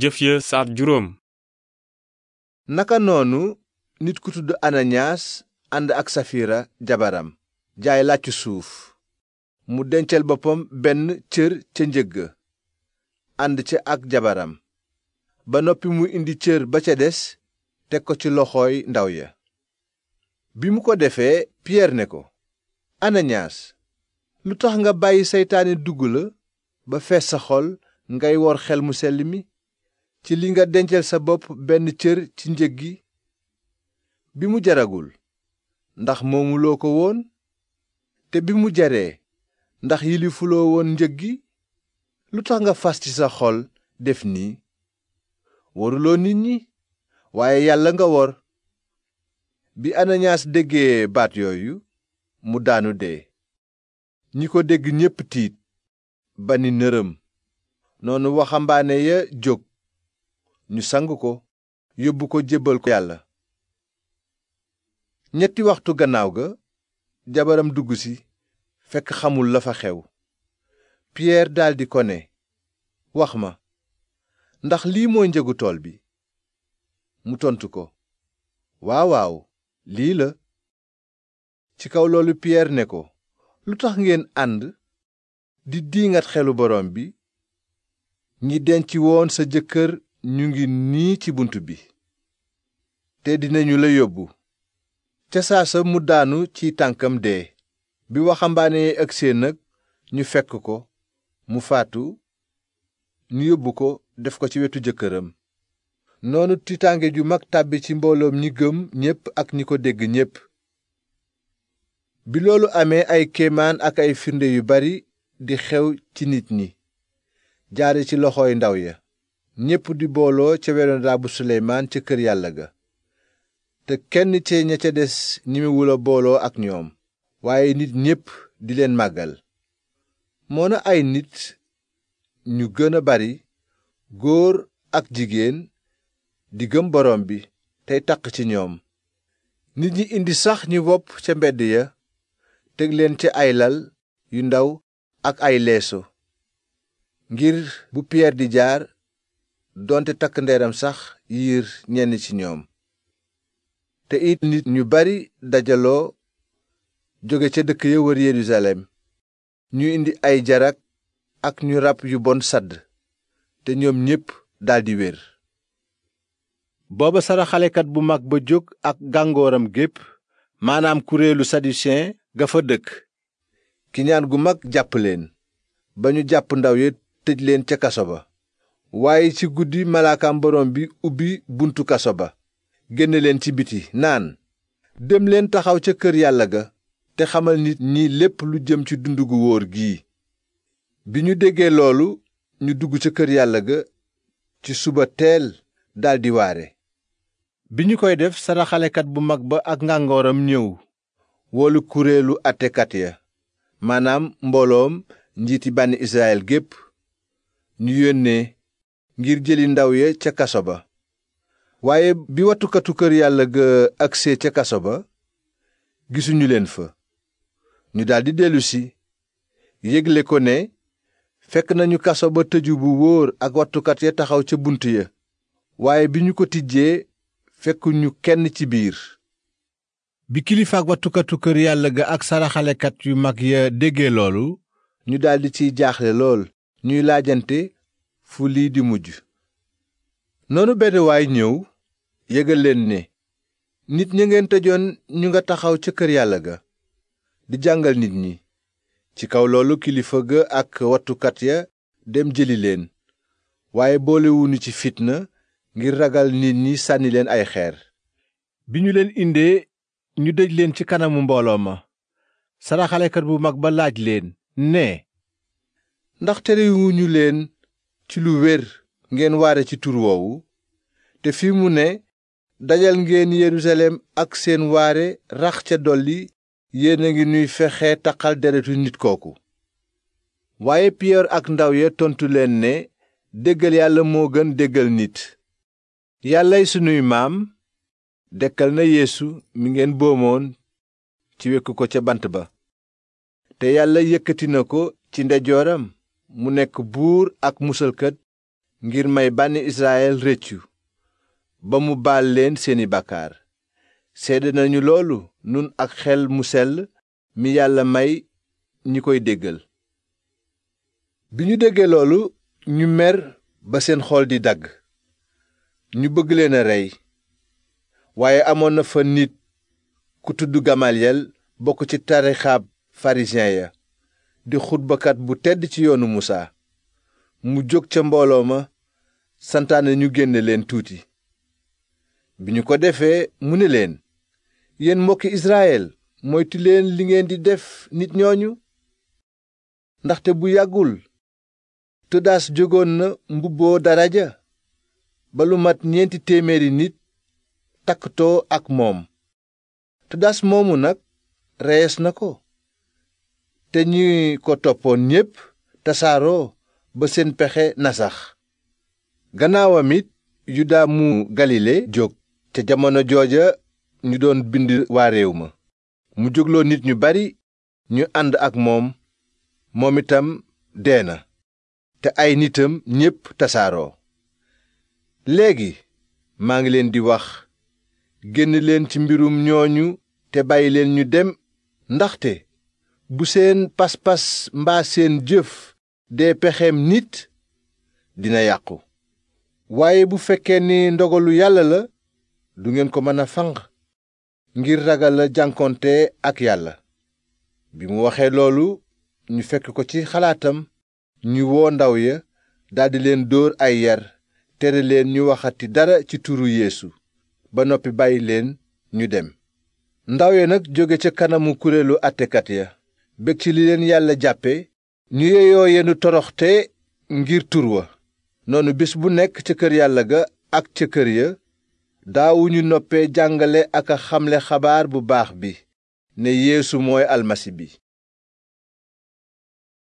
jëf ya saar naka noonu nit ku tudd ananiyaas ànd ak safira jabaram jaay làccu suuf mu dencal boppam benn cër ca njëg ga ànd ca ak jabaram ba noppi mu indi cër ba ca des teg ko ci loxooy ndaw ya bi mu ko defee piyeer ne ko ananiyaas lu tax nga bàyyi seytaane dugg la ba fees sa xol ngay wor xel mu sell mi ci li nga dencal sa bopp benn cër ci njëg gi bi mu jaragul ndax moomuloo ko woon te bi mu jaree ndax yilifuloo woon njëg gi lu tax nga fas ci sa xol def nii waruloo nit ñi waaye yàlla nga wor bi ananiyaas déggee baat yooyu mu daanu dee ñi ko dégg ñépp tiit ba ni nërëm noonu waxambaane ya jóg ñu sang ko yóbbu ko jébbal ko yàlla ñetti waxtu gannaaw ga jabaram dugg si fekk xamul la fa xew piyeer daldi ko ne wax ma ndax lii mooy njëgu tool bi mu tontu ko waawaaw lii la ci kaw loolu piyeer ne ko lu tax ngeen ànd di diingat xelu boroom bi ñi denc woon sa jëkkër ñu ngi nii ci bunt bi te dinañu la yóbbu ca saasa mu daanu ci tànkam dee bi waxambaane yi agsee nag ñu fekk ko mu faatu ñu yóbbu ko def ko ci wetu jëkkëram noonu tiitaange ju mag tàbbi ci mbooloom ñi gëm ñépp ak ñi ko dégg ñépp bi loolu amee ay kéemaan ak ay firnde yu bari di xew ci nit ñi jaare ci loxooy ndaw ya ñépp di booloo ca weeru raabu suleymaan ca kër yàlla ga te kenn ci ña ca des ñimiwula booloo ak ñoom waaye nit ñépp di leen màggal moona ay nit ñu gën a bari góor ak jigéen di gëm borom bi tey taq ci ñoom nit ñi indi sax ñu bopp ca mbedd ya teg leen ci ay lal yu ndaw ak ay leeso ngir bu piyeer di jaar doonte takk ndeeram sax yiir ñenn ci ñoom te it nit ñu bari dajaloo jóge ca dëkk ya wër Yerusalem ñu indi ay jarak ak ñu rab yu bon sadd te ñoom ñépp daldi wér booba saraxalekat bu mag ba jóg ak gàngooram gépp maanaam kuréelu saducéen ga fa dëkk ki ñaan gu mag jàpp leen ba ñu jàpp ndaw ya tëj leen ca kaso ba waaye ci guddi malaakam borom bi ubbi buntu kaso ba génne leen ci biti naan dem leen taxaw ca kër yàlla ga te xamal nit ñi lépp lu jëm ci dund gu wóor gi bi ñu déggee loolu ñu dugg ca kër yàlla ga ci suba teel daldi waare bi ñu koy def saraxalekat bu mag ba ak ngàngooram ñëw woolu kuréelu àttekat ya maanaam mbooloom njiiti bànni israel gépp ñu yónnee ngir jëli ndaw ya ca kaso ba waaye bi wattukatu kër yàlla ga agsee ca kaso ba gisuñu leen fa ñu daldi dellusi yégle ko ne fekk nañu kaso ba tëju bu ak wattukat ya taxaw ca bunt ya waaye bi ko tijjee fekkuñu kenn ci biir bi kilifaak wattukatu kër yàlla ga ak saraxalekat yu mag ya dégge loolu ñu daldi ciy jaaxle lool ñuy laajante fu lii di mujj noonu benn waay ñëw yégal leen ne nit ñi ngeen tëjoon ñu nga taxaw ca kër yàlla ga di jàngal nit ñi ci kaw loolu kilifa ga ak wattukat ya dem jëli leen waaye boolewuñu ci fitna ngir ragal nit ñi sànni leen ay xeer bi ñu leen indee ñu dëj leen ci kanamu mbooloo ma saraxalekat bu mag ba laaj leen ne ndax terewuñu leen ci lu wér ngeen waare ci tur woowu te fi mu ne dajal ngeen Yerusalem ak seen waare rax ca dolli yéen a ngi nuy fexe taqal deretu nit kooku waaye Piyeer ak ndaw ya tontu leen ne déggal yàlla moo gën déggal nit yàllay sunuy maam dekkal na yéesu mi ngeen boomoon ci wekk ko ca bant ba te yàlla yëkkati na ko ci ndejooram mu nekk buur ak musalkat ngir may bànni Israyel rëccu ba mu baal leen seeni bàkkaar seede nañu loolu nun ak xel mu sell mi yàlla may ñi koy déggal bi ñu déggee loolu ñu mer ba seen xool di dagg ñu bëgg leen a rey waaye amoon na fa nit ku tudd Gamaliyel bokk ci tarixaab farisiyen ya di xutbakat bu tedd ci yoonu musaa mu jóg ca mbooloo ma santaane ñu génne leen tuuti bi ñu ko defee mu ne leen yéen mbokki israyel moytu leen li ngeen di def nit ñooñu ndaxte bu yàggul tëddaas jógoon na mbubboo daraja ba lu ñeenti téeméeri nit takktoo ak moom tëddaas moomu nag rees na ko te ñi ko toppoon ñépp tasaaroo ba seen pexe nasax gannaawam it yuda mu galile jóg te jamono jooja ñu doon bind waa réew ma mu jógloo nit ñu bari ñu ànd ak moom moom itam dee na te ay nitam ñépp tasaaroo léegi maa ngi leen di wax génn leen ci mbirum ñooñu te bàyyi leen ñu dem ndaxte bu seen pas-pas mbaa seen jëf dee pexeem nit dina yàqu waaye bu fekkee ni ndogalu yàlla la du ngeen ko mën a fanq ngir ragal la jànkonte ak yàlla bi mu waxee loolu ñu fekk ko ci xalaatam ñu woo ndaw ya daldi leen dóor ay yar tere leen ñu waxati dara ci turu yéesu ba noppi bàyyi leen ñu dem ndaw ya nag jóge ca kanamu kuréelu àttekat ya bég ci li leen yàlla jàppe ñu yeyoo yenu toroxte ngir tur wa noonu bis bu nekk ca kër yàlla ga ak ca kër ya daawuñu noppee jàngale ak a xamle xabaar bu baax bi ne yéesu mooy almasi bi